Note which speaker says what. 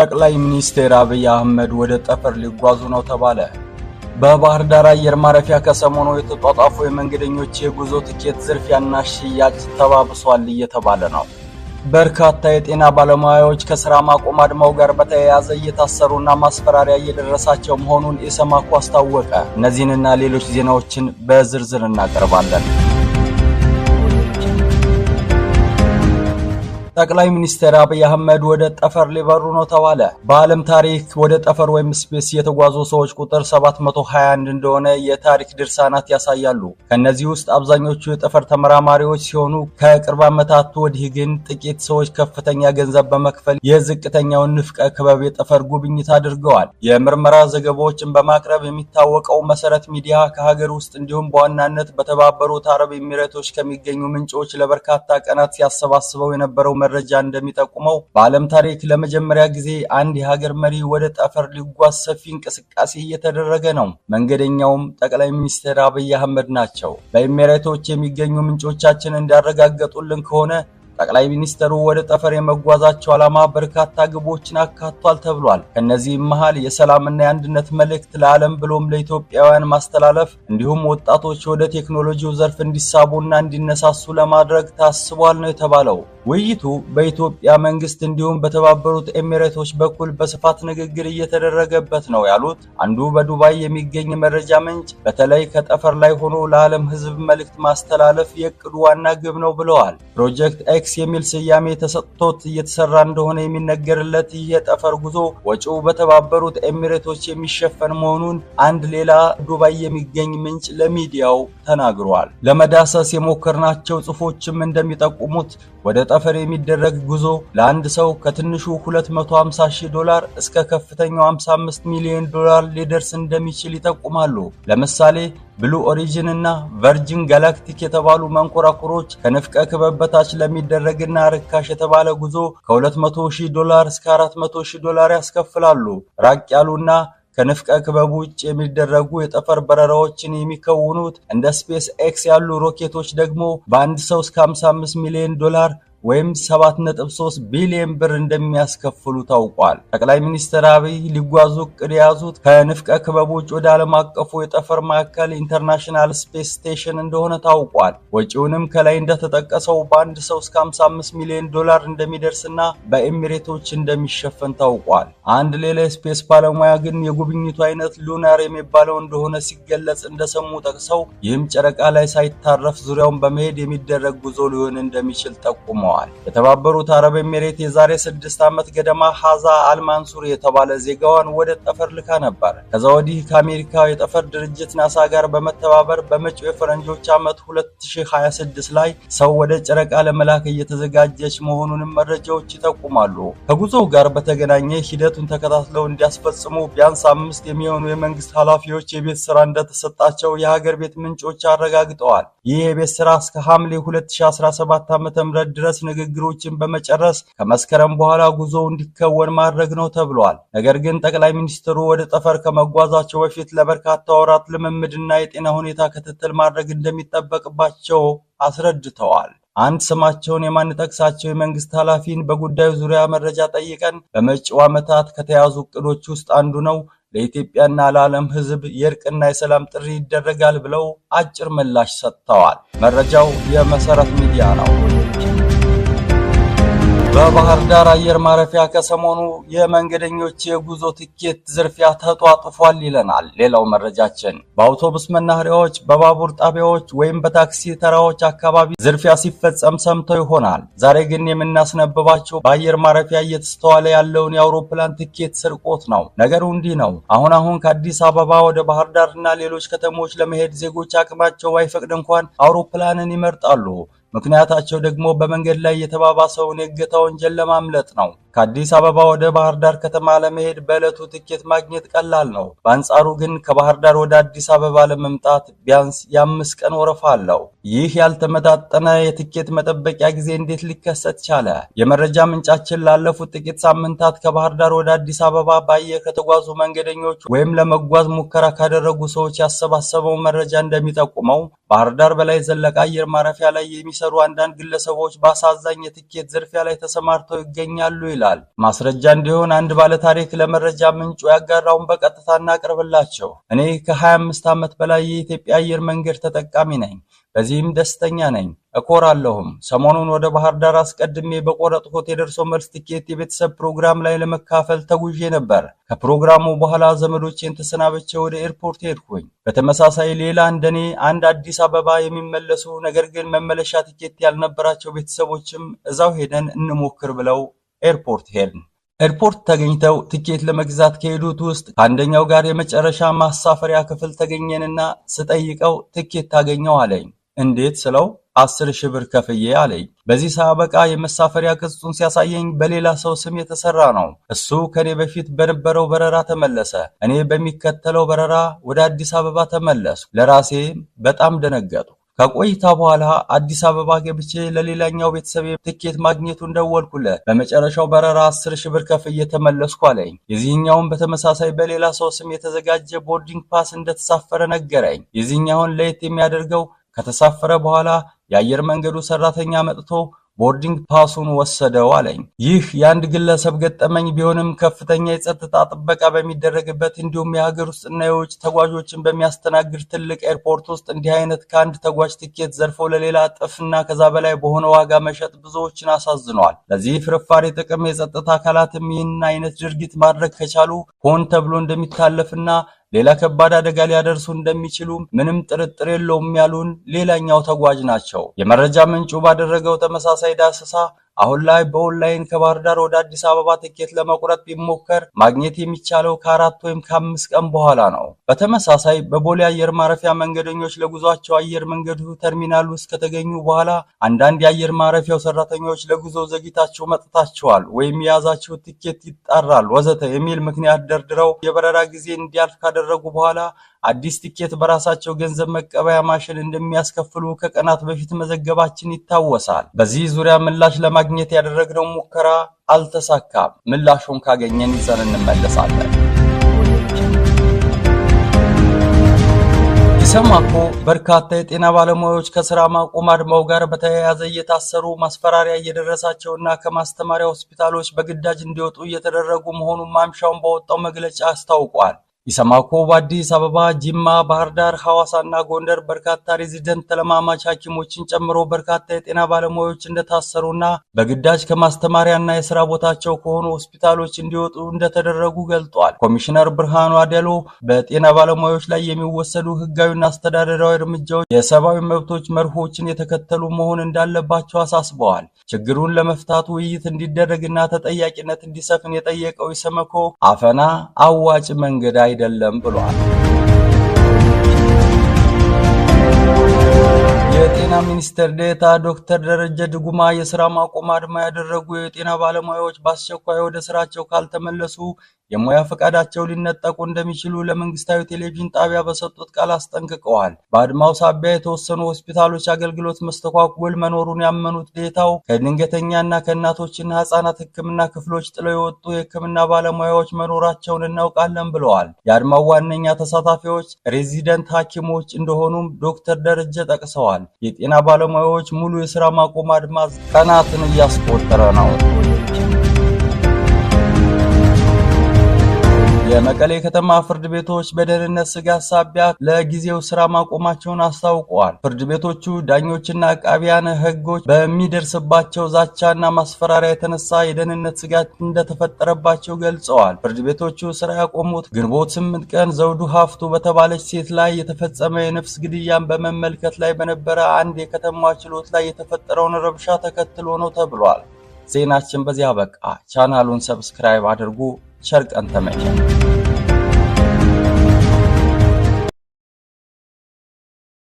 Speaker 1: ጠቅላይ ሚኒስትር አብይ አህመድ ወደ ጠፈር ሊጓዙ ነው ተባለ። በባህር ዳር አየር ማረፊያ ከሰሞኑ የተጧጧፉ የመንገደኞች የጉዞ ትኬት ዝርፊያና ሽያጭ ተባብሷል እየተባለ ነው። በርካታ የጤና ባለሙያዎች ከስራ ማቆም አድማው ጋር በተያያዘ እየታሰሩና ማስፈራሪያ እየደረሳቸው መሆኑን ኢሰማኮ አስታወቀ። እነዚህንና ሌሎች ዜናዎችን በዝርዝር እናቀርባለን። ጠቅላይ ሚኒስትር አብይ አህመድ ወደ ጠፈር ሊበሩ ነው ተባለ። በዓለም ታሪክ ወደ ጠፈር ወይም ስፔስ የተጓዙ ሰዎች ቁጥር 721 እንደሆነ የታሪክ ድርሳናት ያሳያሉ። ከእነዚህ ውስጥ አብዛኞቹ የጠፈር ተመራማሪዎች ሲሆኑ ከቅርብ ዓመታት ወዲህ ግን ጥቂት ሰዎች ከፍተኛ ገንዘብ በመክፈል የዝቅተኛውን ንፍቀ ክበብ የጠፈር ጉብኝት አድርገዋል። የምርመራ ዘገባዎችን በማቅረብ የሚታወቀው መሰረት ሚዲያ ከሀገር ውስጥ እንዲሁም በዋናነት በተባበሩት አረብ ኤሚሬቶች ከሚገኙ ምንጮች ለበርካታ ቀናት ሲያሰባስበው የነበረው መረጃ እንደሚጠቁመው በዓለም ታሪክ ለመጀመሪያ ጊዜ አንድ የሀገር መሪ ወደ ጠፈር ሊጓዝ ሰፊ እንቅስቃሴ እየተደረገ ነው። መንገደኛውም ጠቅላይ ሚኒስትር አብይ አህመድ ናቸው። በኢሜሬቶች የሚገኙ ምንጮቻችን እንዳረጋገጡልን ከሆነ ጠቅላይ ሚኒስትሩ ወደ ጠፈር የመጓዛቸው ዓላማ በርካታ ግቦችን አካቷል ተብሏል። ከእነዚህም መሃል የሰላምና የአንድነት መልእክት ለዓለም ብሎም ለኢትዮጵያውያን ማስተላለፍ እንዲሁም ወጣቶች ወደ ቴክኖሎጂው ዘርፍ እንዲሳቡና እንዲነሳሱ ለማድረግ ታስቧል ነው የተባለው። ውይይቱ በኢትዮጵያ መንግስት እንዲሁም በተባበሩት ኤሚሬቶች በኩል በስፋት ንግግር እየተደረገበት ነው ያሉት አንዱ በዱባይ የሚገኝ የመረጃ ምንጭ በተለይ ከጠፈር ላይ ሆኖ ለዓለም ህዝብ መልእክት ማስተላለፍ የእቅዱ ዋና ግብ ነው ብለዋል። ፕሮጀክት ኤክስ ቴክስ የሚል ስያሜ ተሰጥቶት እየተሰራ እንደሆነ የሚነገርለት ይህ የጠፈር ጉዞ ወጪው በተባበሩት ኤሚሬቶች የሚሸፈን መሆኑን አንድ ሌላ ዱባይ የሚገኝ ምንጭ ለሚዲያው ተናግሯል። ለመዳሰስ የሞከርናቸው ጽሑፎችም እንደሚጠቁሙት ወደ ጠፈር የሚደረግ ጉዞ ለአንድ ሰው ከትንሹ 250,000 ዶላር እስከ ከፍተኛው 55 ሚሊዮን ዶላር ሊደርስ እንደሚችል ይጠቁማሉ። ለምሳሌ ብሉ ኦሪጅን እና ቨርጂን ጋላክቲክ የተባሉ መንኮራኩሮች ከንፍቀ ክበብ በታች ለሚደረግና ርካሽ የተባለ ጉዞ ከ200,000 ዶላር እስከ 400,000 ዶላር ያስከፍላሉ። ራቅ ያሉና ከንፍቀ ክበብ ውጭ የሚደረጉ የጠፈር በረራዎችን የሚከውኑት እንደ ስፔስ ኤክስ ያሉ ሮኬቶች ደግሞ በአንድ ሰው እስከ 55 ሚሊዮን ዶላር ወይም 7.3 ቢሊዮን ብር እንደሚያስከፍሉ ታውቋል። ጠቅላይ ሚኒስትር አብይ ሊጓዙ እቅድ የያዙት ከንፍቀ ክበብ ውጭ ወደ ዓለም አቀፉ የጠፈር ማዕከል ኢንተርናሽናል ስፔስ ስቴሽን እንደሆነ ታውቋል። ወጪውንም ከላይ እንደተጠቀሰው በአንድ ሰው እስከ 55 ሚሊዮን ዶላር እንደሚደርስና በኤሚሬቶች እንደሚሸፈን ታውቋል። አንድ ሌላ የስፔስ ባለሙያ ግን የጉብኝቱ አይነት ሉናር የሚባለው እንደሆነ ሲገለጽ እንደሰሙ ጠቅሰው ይህም ጨረቃ ላይ ሳይታረፍ ዙሪያውን በመሄድ የሚደረግ ጉዞ ሊሆን እንደሚችል ጠቁሟል። ፈጽመዋል። የተባበሩት አረብ ኤሚሬት የዛሬ ስድስት ዓመት ገደማ ሐዛ አልማንሱር የተባለ ዜጋዋን ወደ ጠፈር ልካ ነበር። ከዛ ወዲህ ከአሜሪካ የጠፈር ድርጅት ናሳ ጋር በመተባበር በመጪው የፈረንጆች ዓመት 2026 ላይ ሰው ወደ ጨረቃ ለመላክ እየተዘጋጀች መሆኑንም መረጃዎች ይጠቁማሉ። ከጉዞው ጋር በተገናኘ ሂደቱን ተከታትለው እንዲያስፈጽሙ ቢያንስ አምስት የሚሆኑ የመንግስት ኃላፊዎች የቤት ስራ እንደተሰጣቸው የሀገር ቤት ምንጮች አረጋግጠዋል። ይህ የቤት ስራ እስከ ሐምሌ 2017 ዓ.ም ድረስ ድረስ ንግግሮችን በመጨረስ ከመስከረም በኋላ ጉዞ እንዲከወን ማድረግ ነው ተብሏል። ነገር ግን ጠቅላይ ሚኒስትሩ ወደ ጠፈር ከመጓዛቸው በፊት ለበርካታ ወራት ልምምድና የጤና ሁኔታ ክትትል ማድረግ እንደሚጠበቅባቸው አስረድተዋል። አንድ ስማቸውን የማንጠቅሳቸው የመንግስት ኃላፊን በጉዳዩ ዙሪያ መረጃ ጠይቀን በመጪው ዓመታት ከተያዙ እቅዶች ውስጥ አንዱ ነው ለኢትዮጵያና ለዓለም ሕዝብ የእርቅና የሰላም ጥሪ ይደረጋል ብለው አጭር ምላሽ ሰጥተዋል። መረጃው የመሰረት ሚዲያ ነው። በባህር ዳር አየር ማረፊያ ከሰሞኑ የመንገደኞች የጉዞ ትኬት ዝርፊያ ተጧጥፏል ይለናል ሌላው መረጃችን። በአውቶቡስ መናኸሪያዎች፣ በባቡር ጣቢያዎች ወይም በታክሲ ተራዎች አካባቢ ዝርፊያ ሲፈጸም ሰምተው ይሆናል። ዛሬ ግን የምናስነብባቸው በአየር ማረፊያ እየተስተዋለ ያለውን የአውሮፕላን ትኬት ስርቆት ነው። ነገሩ እንዲህ ነው። አሁን አሁን ከአዲስ አበባ ወደ ባህር እና ሌሎች ከተሞች ለመሄድ ዜጎች አቅማቸው ባይፈቅድ እንኳን አውሮፕላንን ይመርጣሉ። ምክንያታቸው ደግሞ በመንገድ ላይ የተባባሰውን የእገታ ወንጀል ለማምለጥ ነው። ከአዲስ አበባ ወደ ባህር ዳር ከተማ ለመሄድ በዕለቱ ትኬት ማግኘት ቀላል ነው። በአንጻሩ ግን ከባህር ዳር ወደ አዲስ አበባ ለመምጣት ቢያንስ የአምስት ቀን ወረፋ አለው። ይህ ያልተመጣጠነ የትኬት መጠበቂያ ጊዜ እንዴት ሊከሰት ቻለ? የመረጃ ምንጫችን ላለፉት ጥቂት ሳምንታት ከባህር ዳር ወደ አዲስ አበባ በአየር ከተጓዙ መንገደኞች ወይም ለመጓዝ ሙከራ ካደረጉ ሰዎች ያሰባሰበው መረጃ እንደሚጠቁመው ባህር ዳር በላይ ዘለቀ አየር ማረፊያ ላይ የሚሰ የሚሰሩ አንዳንድ ግለሰቦች በአሳዛኝ የትኬት ዝርፊያ ላይ ተሰማርተው ይገኛሉ ይላል። ማስረጃ እንዲሆን አንድ ባለታሪክ ለመረጃ ምንጩ ያጋራውን በቀጥታ እናቅርብላቸው። እኔ ከ25 ዓመት በላይ የኢትዮጵያ አየር መንገድ ተጠቃሚ ነኝ። በዚህም ደስተኛ ነኝ። እኮራለሁም! ሰሞኑን ወደ ባህር ዳር አስቀድሜ በቆረጥኩት የደርሶ መልስ ትኬት የቤተሰብ ፕሮግራም ላይ ለመካፈል ተጉዤ ነበር። ከፕሮግራሙ በኋላ ዘመዶቼን ተሰናበቸው ወደ ኤርፖርት ሄድኩኝ። በተመሳሳይ ሌላ እንደኔ አንድ አዲስ አበባ የሚመለሱ ነገር ግን መመለሻ ትኬት ያልነበራቸው ቤተሰቦችም እዛው ሄደን እንሞክር ብለው ኤርፖርት ሄድን። ኤርፖርት ተገኝተው ትኬት ለመግዛት ከሄዱት ውስጥ ከአንደኛው ጋር የመጨረሻ ማሳፈሪያ ክፍል ተገኘንና ስጠይቀው ትኬት ታገኘው አለኝ። እንዴት ስለው አስር ሺህ ብር ከፍዬ አለኝ። በዚህ ሳበቃ የመሳፈሪያ ገጹን ሲያሳየኝ በሌላ ሰው ስም የተሰራ ነው። እሱ ከኔ በፊት በነበረው በረራ ተመለሰ። እኔ በሚከተለው በረራ ወደ አዲስ አበባ ተመለስኩ። ለራሴ በጣም ደነገጡ። ከቆይታ በኋላ አዲስ አበባ ገብቼ ለሌላኛው ቤተሰብ ትኬት ማግኘቱን ደወልኩለት። በመጨረሻው በረራ አስር ሺህ ብር ከፍዬ እየተመለስኩ አለኝ። የዚህኛውን በተመሳሳይ በሌላ ሰው ስም የተዘጋጀ ቦርዲንግ ፓስ እንደተሳፈረ ነገረኝ። የዚህኛውን ለየት የሚያደርገው ከተሳፈረ በኋላ የአየር መንገዱ ሰራተኛ መጥቶ ቦርዲንግ ፓሱን ወሰደው አለኝ። ይህ የአንድ ግለሰብ ገጠመኝ ቢሆንም ከፍተኛ የጸጥታ ጥበቃ በሚደረግበት እንዲሁም የሀገር ውስጥና የውጭ ተጓዦችን በሚያስተናግድ ትልቅ ኤርፖርት ውስጥ እንዲህ አይነት ከአንድ ተጓዥ ትኬት ዘርፎ ለሌላ እጥፍና ከዛ በላይ በሆነ ዋጋ መሸጥ ብዙዎችን አሳዝኗል። ለዚህ ፍርፋሪ ጥቅም የጸጥታ አካላትም ይህን አይነት ድርጊት ማድረግ ከቻሉ ሆን ተብሎ እንደሚታለፍና ሌላ ከባድ አደጋ ሊያደርሱ እንደሚችሉ ምንም ጥርጥር የለውም ያሉን ሌላኛው ተጓዥ ናቸው። የመረጃ ምንጩ ባደረገው ተመሳሳይ ዳሰሳ አሁን ላይ በኦንላይን ከባህር ዳር ወደ አዲስ አበባ ትኬት ለመቁረጥ ቢሞከር ማግኘት የሚቻለው ከአራት ወይም ከአምስት ቀን በኋላ ነው። በተመሳሳይ በቦሌ አየር ማረፊያ መንገደኞች ለጉዟቸው አየር መንገዱ ተርሚናል ውስጥ ከተገኙ በኋላ አንዳንድ የአየር ማረፊያው ሰራተኞች ለጉዞ ዘግይታችሁ መጥታችኋል ወይም የያዛችሁ ትኬት ይጣራል ወዘተ የሚል ምክንያት ደርድረው የበረራ ጊዜ እንዲያልፍ ካደረጉ በኋላ አዲስ ትኬት በራሳቸው ገንዘብ መቀበያ ማሽን እንደሚያስከፍሉ ከቀናት በፊት መዘገባችን ይታወሳል። በዚህ ዙሪያ ምላሽ ለማግኘት ያደረግነው ሙከራ አልተሳካም። ምላሹን ካገኘን ይዘን እንመለሳለን። ኢሰማኮ በርካታ የጤና ባለሙያዎች ከስራ ማቆም አድማው ጋር በተያያዘ እየታሰሩ ማስፈራሪያ እየደረሳቸውና ከማስተማሪያ ሆስፒታሎች በግዳጅ እንዲወጡ እየተደረጉ መሆኑን ማምሻውን በወጣው መግለጫ አስታውቋል። ኢሰማኮ በአዲስ አበባ፣ ጅማ፣ ባህር ዳር፣ ሐዋሳና ጎንደር በርካታ ሬዚደንት ተለማማች ሐኪሞችን ጨምሮ በርካታ የጤና ባለሙያዎች እንደታሰሩና በግዳጅ ከማስተማሪያና የስራ ቦታቸው ከሆኑ ሆስፒታሎች እንዲወጡ እንደተደረጉ ገልጧል። ኮሚሽነር ብርሃኑ አደሎ በጤና ባለሙያዎች ላይ የሚወሰዱ ህጋዊና አስተዳደራዊ እርምጃዎች የሰብአዊ መብቶች መርሆችን የተከተሉ መሆን እንዳለባቸው አሳስበዋል። ችግሩን ለመፍታት ውይይት እንዲደረግና ተጠያቂነት እንዲሰፍን የጠየቀው ኢሰመኮ አፈና አዋጭ መንገድ አይ አይደለም ብሏል። የጤና ሚኒስትር ዴታ ዶክተር ደረጀ ድጉማ የስራ ማቆም አድማ ያደረጉ የጤና ባለሙያዎች በአስቸኳይ ወደ ስራቸው ካልተመለሱ የሙያ ፈቃዳቸው ሊነጠቁ እንደሚችሉ ለመንግስታዊ ቴሌቪዥን ጣቢያ በሰጡት ቃል አስጠንቅቀዋል። በአድማው ሳቢያ የተወሰኑ ሆስፒታሎች አገልግሎት መስተጓጎል መኖሩን ያመኑት ዴታው ከድንገተኛና ከእናቶችና ህጻናት ሕክምና ክፍሎች ጥለው የወጡ የሕክምና ባለሙያዎች መኖራቸውን እናውቃለን ብለዋል። የአድማው ዋነኛ ተሳታፊዎች ሬዚደንት ሐኪሞች እንደሆኑም ዶክተር ደረጀ ጠቅሰዋል። የጤና ባለሙያዎች ሙሉ የስራ ማቆም አድማ ቀናትን እያስቆጠረ ነው። የመቀሌ ከተማ ፍርድ ቤቶች በደህንነት ስጋት ሳቢያ ለጊዜው ስራ ማቆማቸውን አስታውቀዋል። ፍርድ ቤቶቹ ዳኞችና ቃቢያን ሕጎች በሚደርስባቸው ዛቻና ማስፈራሪያ የተነሳ የደህንነት ስጋት እንደተፈጠረባቸው ገልጸዋል። ፍርድ ቤቶቹ ስራ ያቆሙት ግንቦት ስምንት ቀን ዘውዱ ሀፍቱ በተባለች ሴት ላይ የተፈጸመ የነፍስ ግድያን በመመልከት ላይ በነበረ አንድ የከተማ ችሎት ላይ የተፈጠረውን ረብሻ ተከትሎ ነው ተብሏል። ዜናችን በዚያ በቃ። ቻናሉን ሰብስክራይብ አድርጉ። شرق أنت معي